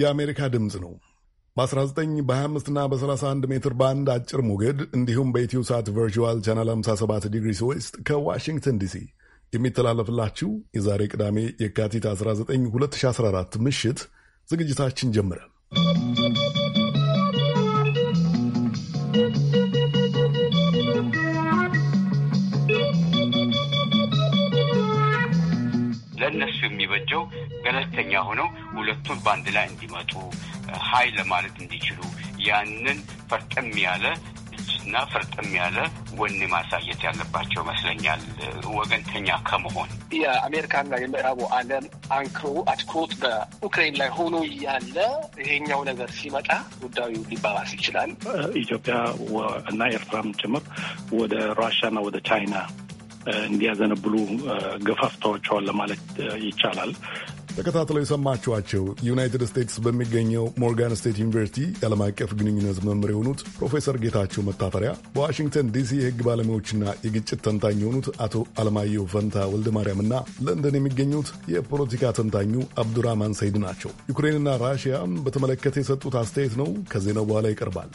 የአሜሪካ ድምፅ ነው። በ19 በ25 እና በ31 ሜትር ባንድ አጭር ሞገድ እንዲሁም በኢትዮ ሳት ቨርቹዋል ቻናል 57 ዲግሪ ዌስት ከዋሽንግተን ዲሲ የሚተላለፍላችሁ የዛሬ ቅዳሜ የካቲት 19 2014 ምሽት ዝግጅታችን ጀምረ። እንዲበጀው ገለልተኛ ሆነው ሁለቱን በአንድ ላይ እንዲመጡ ሀይል ለማለት እንዲችሉ ያንን ፈርጠም ያለ እጅና ፍርጥም ያለ ወኔ ማሳየት ያለባቸው ይመስለኛል። ወገንተኛ ከመሆን የአሜሪካና የምዕራቡ ዓለም አንክሮ አትኩሮት በዩክሬን ላይ ሆኖ እያለ ይሄኛው ነገር ሲመጣ ጉዳዩ ሊባባስ ይችላል። ኢትዮጵያ እና ኤርትራም ጭምር ወደ ራሽያና ወደ ቻይና እንዲያዘነብሉ ገፋፍታዎቸዋል ለማለት ይቻላል። ተከታትለው የሰማችኋቸው ዩናይትድ ስቴትስ በሚገኘው ሞርጋን ስቴት ዩኒቨርሲቲ የዓለም አቀፍ ግንኙነት መምህር የሆኑት ፕሮፌሰር ጌታቸው መታፈሪያ፣ በዋሽንግተን ዲሲ የሕግ ባለሙያዎችና የግጭት ተንታኝ የሆኑት አቶ አለማየሁ ፈንታ ወልደ እና ለንደን የሚገኙት የፖለቲካ ተንታኙ አብዱራማን ሰይድ ናቸው። ዩክሬንና ራሽያም በተመለከተ የሰጡት አስተያየት ነው። ከዜናው በኋላ ይቀርባል።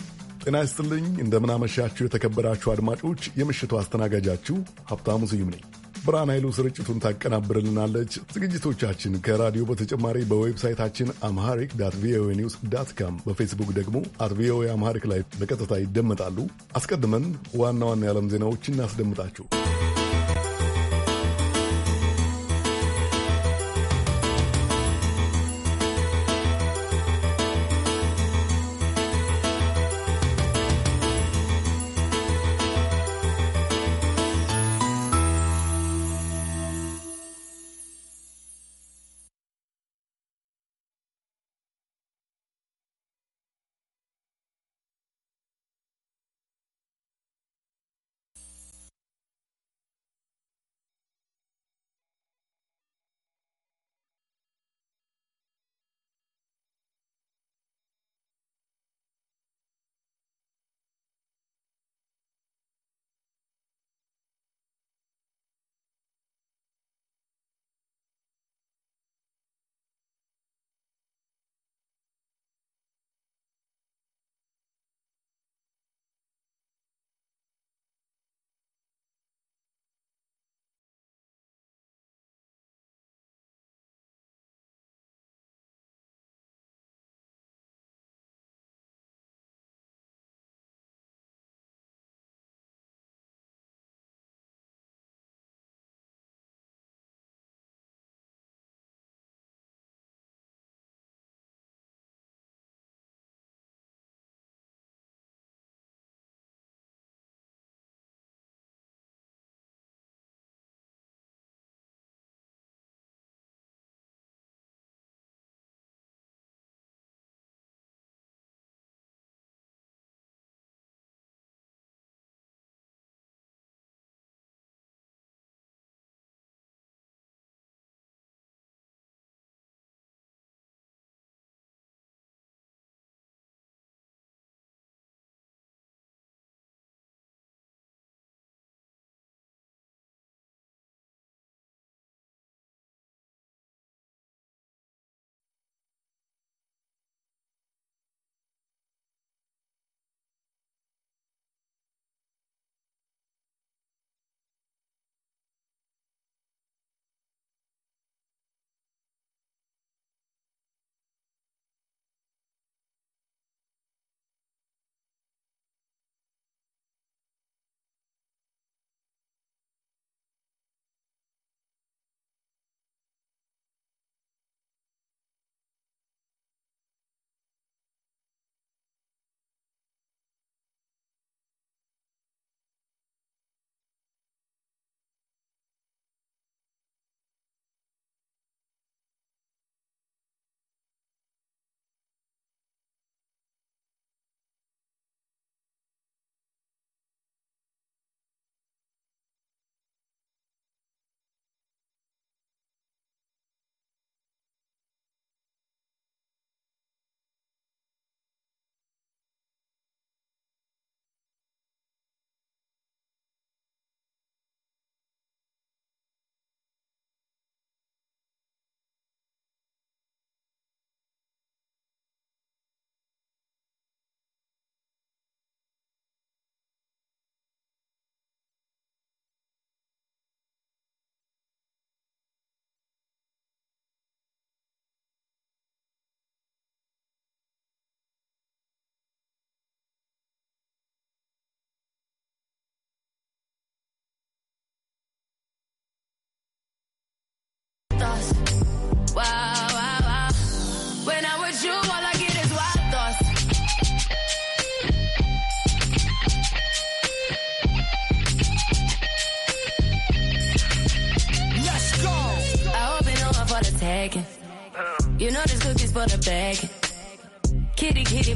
ጤና ይስጥልኝ። እንደምናመሻችሁ የተከበራችሁ አድማጮች፣ የምሽቱ አስተናጋጃችሁ ሀብታሙ ስዩም ነኝ። ብርሃን ኃይሉ ስርጭቱን ታቀናብርልናለች። ዝግጅቶቻችን ከራዲዮ በተጨማሪ በዌብሳይታችን አምሃሪክ ዳት ቪኦኤ ኒውስ ዳት ካም፣ በፌስቡክ ደግሞ አት ቪኦኤ አምሃሪክ ላይ በቀጥታ ይደመጣሉ። አስቀድመን ዋና ዋና የዓለም ዜናዎችን እናስደምጣችሁ።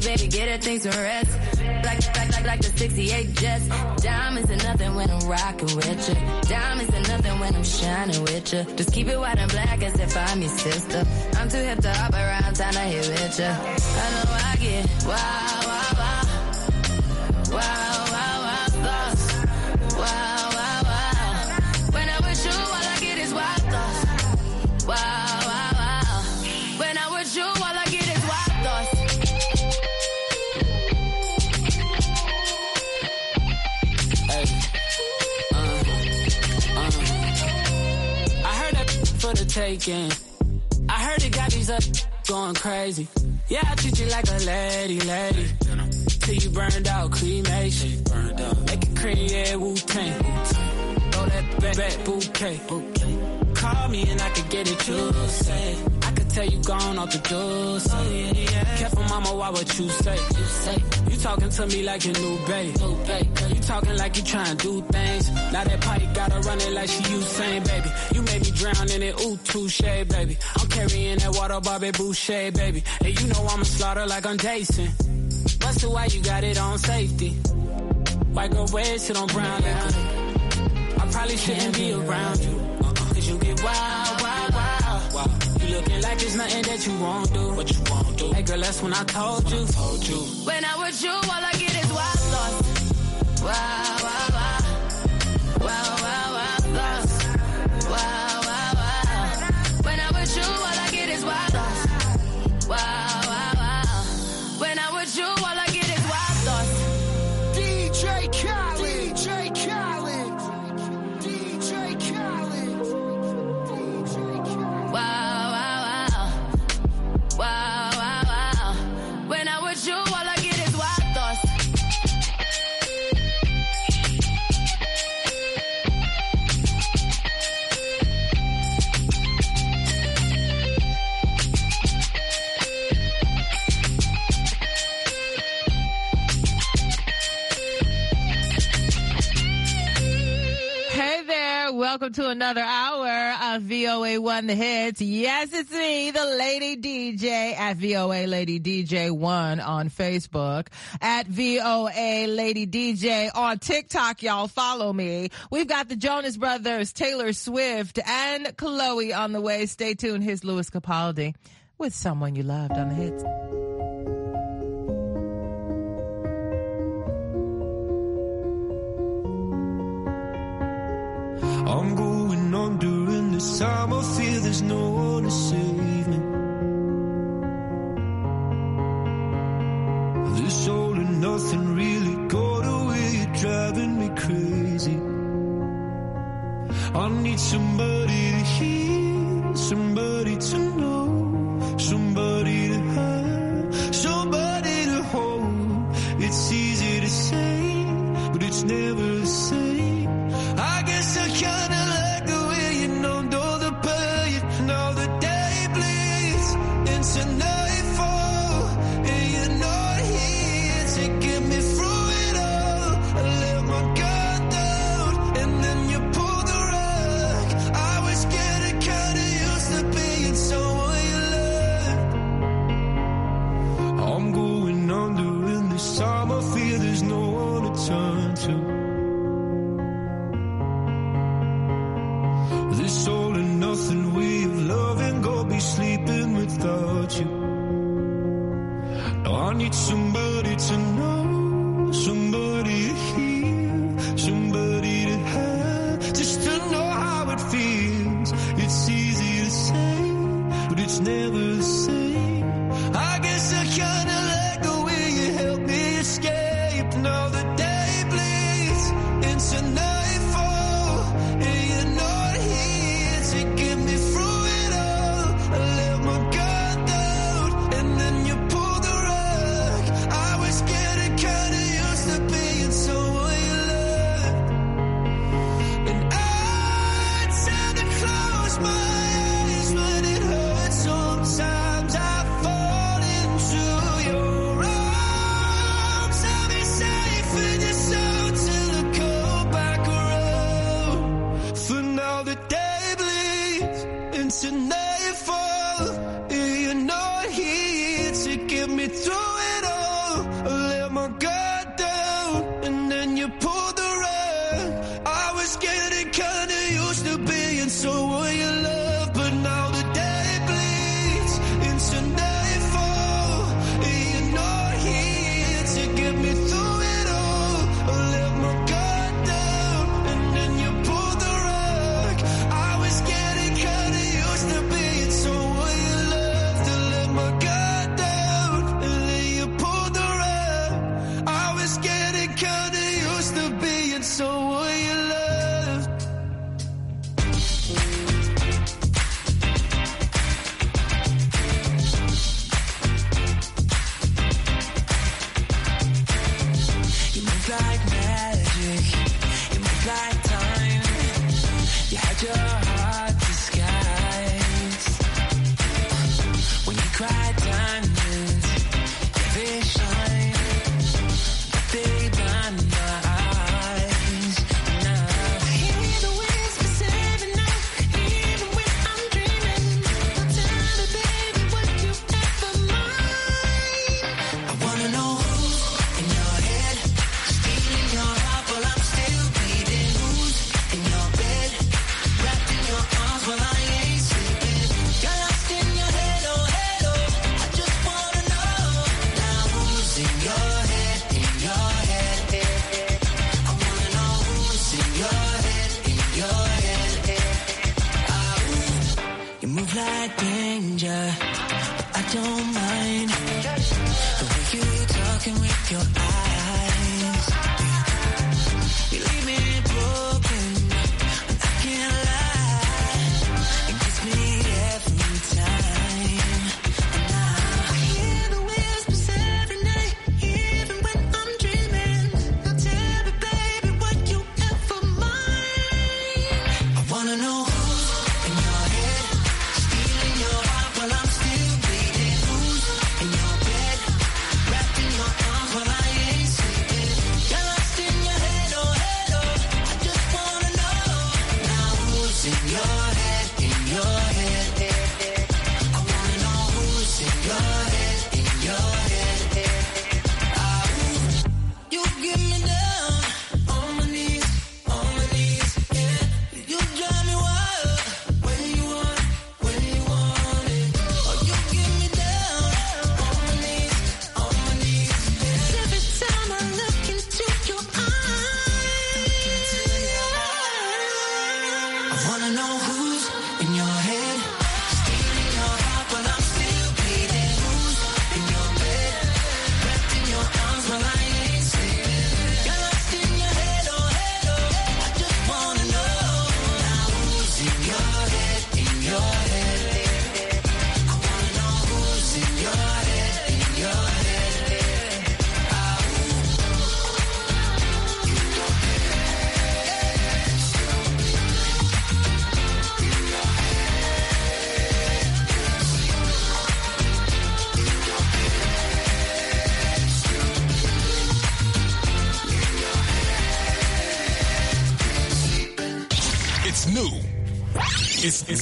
baby, get her things some rest. Like, like, like, like the 68 Jets. Diamonds are nothing when I'm rocking with you. Diamonds are nothing when I'm shining with you. Just keep it white and black as if I'm your sister. I'm too hip to hop around, time to hit with you. I know I get wild, wild, wild, wild. for the taking. I heard it got these up going crazy. Yeah, I treat you like a lady, lady. Till you burned out, cremation. Make it cream, yeah, Wu Tang. Throw that back, back bouquet. Call me and I can get it, you say. I could tell you gone off the juice. Careful, mama, why what you say? You say talking to me like your new baby, Girl, you talking like you trying to do things. Now that pipe gotta run it like she Usain, baby. You made me drown in it, ooh, touche, baby. I'm carrying that water, Bobby Boucher, baby. And you know I'ma slaughter like I'm Jason. Busted, why you got it on safety? White girl red, sit on brown liquor. I probably shouldn't be around you. Uh-uh, Cause you get wild looking like it's nothing that you won't do. What you won't do. Hey girl, that's when I told you. When I told you. When i was you, all I get is wild thoughts. Wow. welcome to another hour of VOA One The Hits. Yes, it's me, the Lady DJ at VOA Lady DJ One on Facebook, at VOA Lady DJ on TikTok. Y'all follow me. We've got the Jonas Brothers, Taylor Swift, and Chloe on the way. Stay tuned. Here's Louis Capaldi with Someone You Loved on The Hits. I'm going on during this time. I feel there's no one to save me. This all and nothing really got away, You're driving me crazy. I need somebody to hear, somebody to know, somebody to have, somebody to hold. It's easy to say, but it's never The day bleeds into night.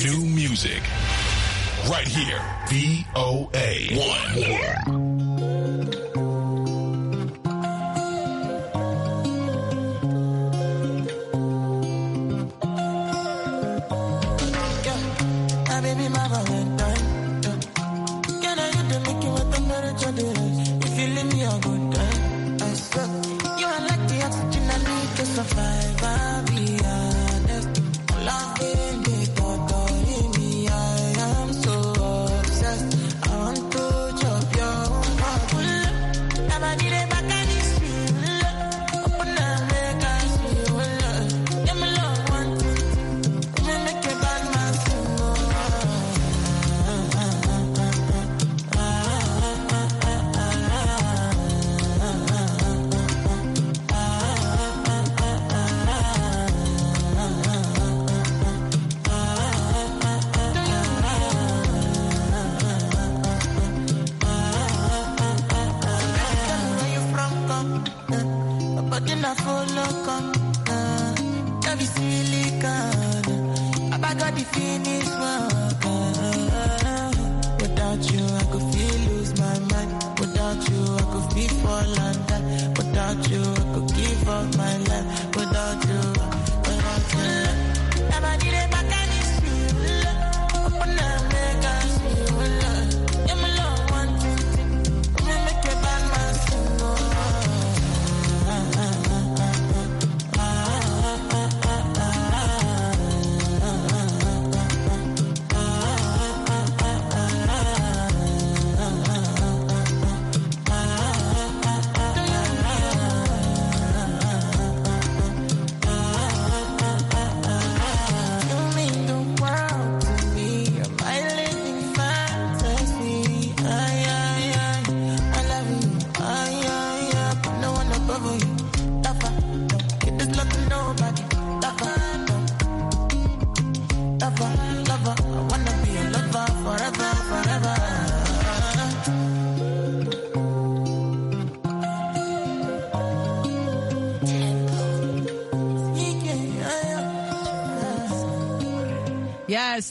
New music. Right here. VOA. One. about you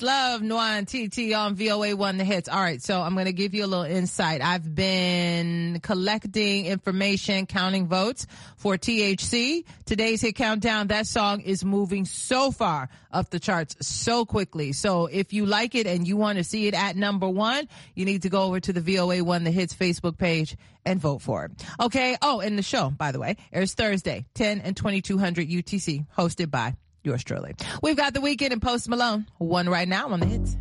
love, Nuan TT on VOA One The Hits. All right, so I'm going to give you a little insight. I've been collecting information, counting votes for THC. Today's Hit Countdown, that song is moving so far up the charts so quickly. So if you like it and you want to see it at number one, you need to go over to the VOA One The Hits Facebook page and vote for it. Okay. Oh, and the show, by the way, airs Thursday, 10 and 2200 UTC, hosted by Yours truly. We've got the weekend and Post Malone. One right now on the hits.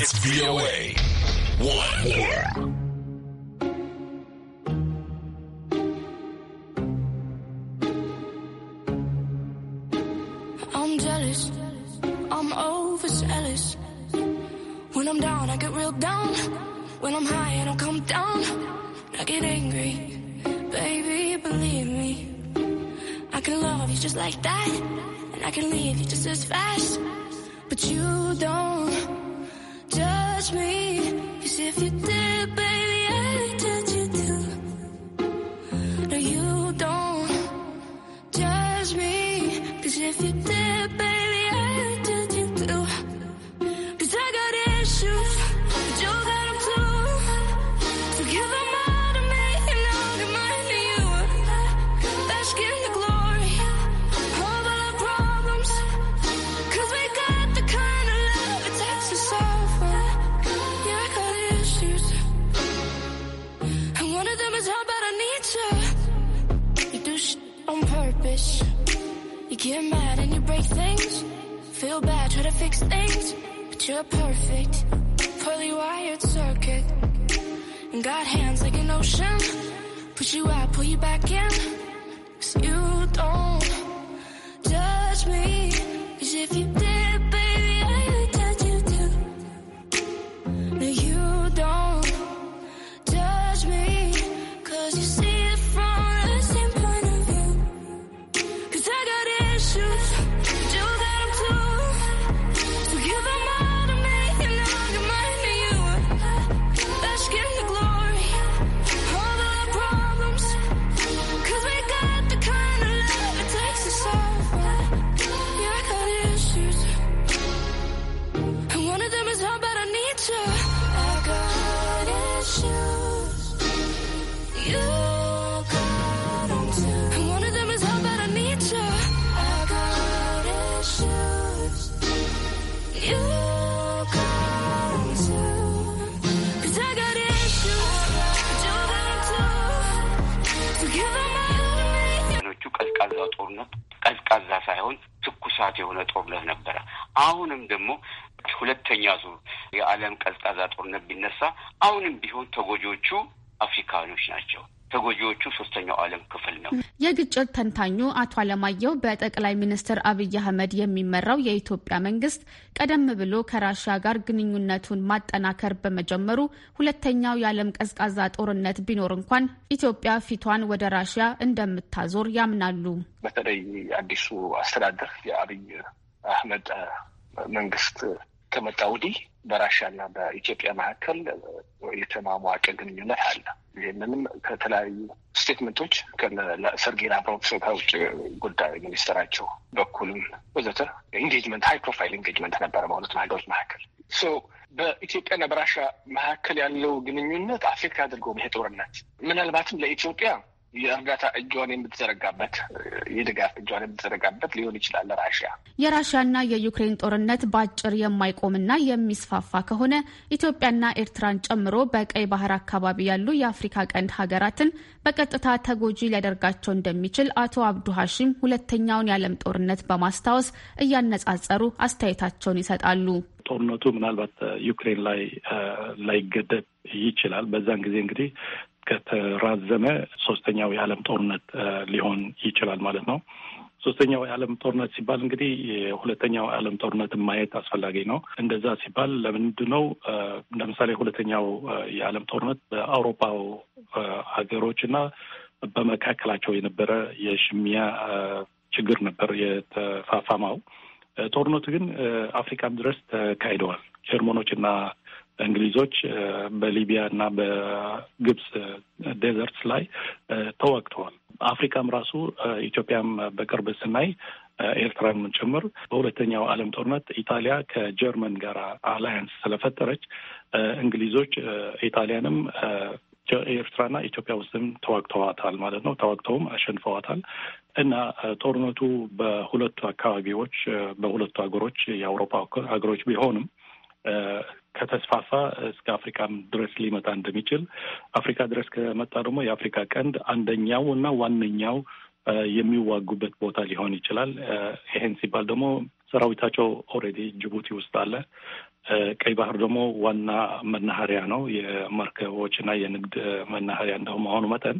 It's VOA. One. እሳት የሆነ ጦርነት ነበረ። አሁንም ደግሞ ሁለተኛ ዙር የዓለም ቀዝቃዛ ጦርነት ቢነሳ አሁንም ቢሆን ተጎጂዎቹ አፍሪካኖች ናቸው። ተጎጂዎቹ ሶስተኛው ዓለም ክፍል ነው። የግጭት ተንታኙ አቶ አለማየሁ በጠቅላይ ሚኒስትር አብይ አህመድ የሚመራው የኢትዮጵያ መንግስት ቀደም ብሎ ከራሽያ ጋር ግንኙነቱን ማጠናከር በመጀመሩ ሁለተኛው የዓለም ቀዝቃዛ ጦርነት ቢኖር እንኳን ኢትዮጵያ ፊቷን ወደ ራሽያ እንደምታዞር ያምናሉ። በተለይ አዲሱ አስተዳደር የአብይ አህመድ መንግስት ከመጣ ወዲህ በራሻና በኢትዮጵያ መካከል የተሟሟቀ ግንኙነት አለ። ይህንንም ከተለያዩ ስቴትመንቶች ሰርጌይ ላቭሮቭ ከውጭ ጉዳይ ሚኒስትራቸው በኩልም ወዘተ ኢንጌጅመንት ሀይ ፕሮፋይል ኢንጌጅመንት ነበረ በሁለቱ ሀገሮች መካከል። በኢትዮጵያና በራሻ መካከል ያለው ግንኙነት አፌክት አድርገው ይሄ ጦርነት ምናልባትም ለኢትዮጵያ የእርዳታ እጇን የምትዘረጋበት የድጋፍ እጇን የምትዘረጋበት ሊሆን ይችላል። ለራሽያ የራሽያና የዩክሬን ጦርነት በአጭር የማይቆምና የሚስፋፋ ከሆነ ኢትዮጵያና ኤርትራን ጨምሮ በቀይ ባህር አካባቢ ያሉ የአፍሪካ ቀንድ ሀገራትን በቀጥታ ተጎጂ ሊያደርጋቸው እንደሚችል አቶ አብዱ ሀሺም ሁለተኛውን የዓለም ጦርነት በማስታወስ እያነጻጸሩ አስተያየታቸውን ይሰጣሉ። ጦርነቱ ምናልባት ዩክሬን ላይ ላይገደብ ይችላል። በዛን ጊዜ እንግዲህ ከተራዘመ ሶስተኛው የዓለም ጦርነት ሊሆን ይችላል ማለት ነው። ሶስተኛው የዓለም ጦርነት ሲባል እንግዲህ የሁለተኛው የዓለም ጦርነት ማየት አስፈላጊ ነው። እንደዛ ሲባል ለምንድን ነው? ለምሳሌ ሁለተኛው የዓለም ጦርነት በአውሮፓው ሀገሮች እና በመካከላቸው የነበረ የሽሚያ ችግር ነበር የተፋፋማው። ጦርነቱ ግን አፍሪካም ድረስ ተካሂደዋል። ጀርመኖች እና እንግሊዞች በሊቢያ እና በግብጽ ዴዘርትስ ላይ ተዋግተዋል። አፍሪካም ራሱ ኢትዮጵያም በቅርብ ስናይ ኤርትራን ጭምር በሁለተኛው ዓለም ጦርነት ኢታሊያ ከጀርመን ጋር አላያንስ ስለፈጠረች እንግሊዞች ኢታሊያንም ኤርትራና ኢትዮጵያ ውስጥም ተዋግተዋታል ማለት ነው። ተዋግተውም አሸንፈዋታል እና ጦርነቱ በሁለቱ አካባቢዎች በሁለቱ ሀገሮች የአውሮፓ ሀገሮች ቢሆንም ከተስፋፋ እስከ አፍሪካም ድረስ ሊመጣ እንደሚችል አፍሪካ ድረስ ከመጣ ደግሞ የአፍሪካ ቀንድ አንደኛው እና ዋነኛው የሚዋጉበት ቦታ ሊሆን ይችላል። ይሄን ሲባል ደግሞ ሰራዊታቸው ኦልሬዲ ጅቡቲ ውስጥ አለ። ቀይ ባህር ደግሞ ዋና መናኸሪያ ነው፣ የመርከቦች እና የንግድ መናኸሪያ እንደው መሆኑ መጠን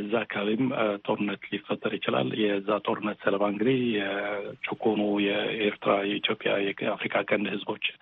እዛ አካባቢም ጦርነት ሊፈጠር ይችላል። የዛ ጦርነት ሰለባ እንግዲህ የጭቁኑ የኤርትራ፣ የኢትዮጵያ፣ የአፍሪካ ቀንድ ህዝቦች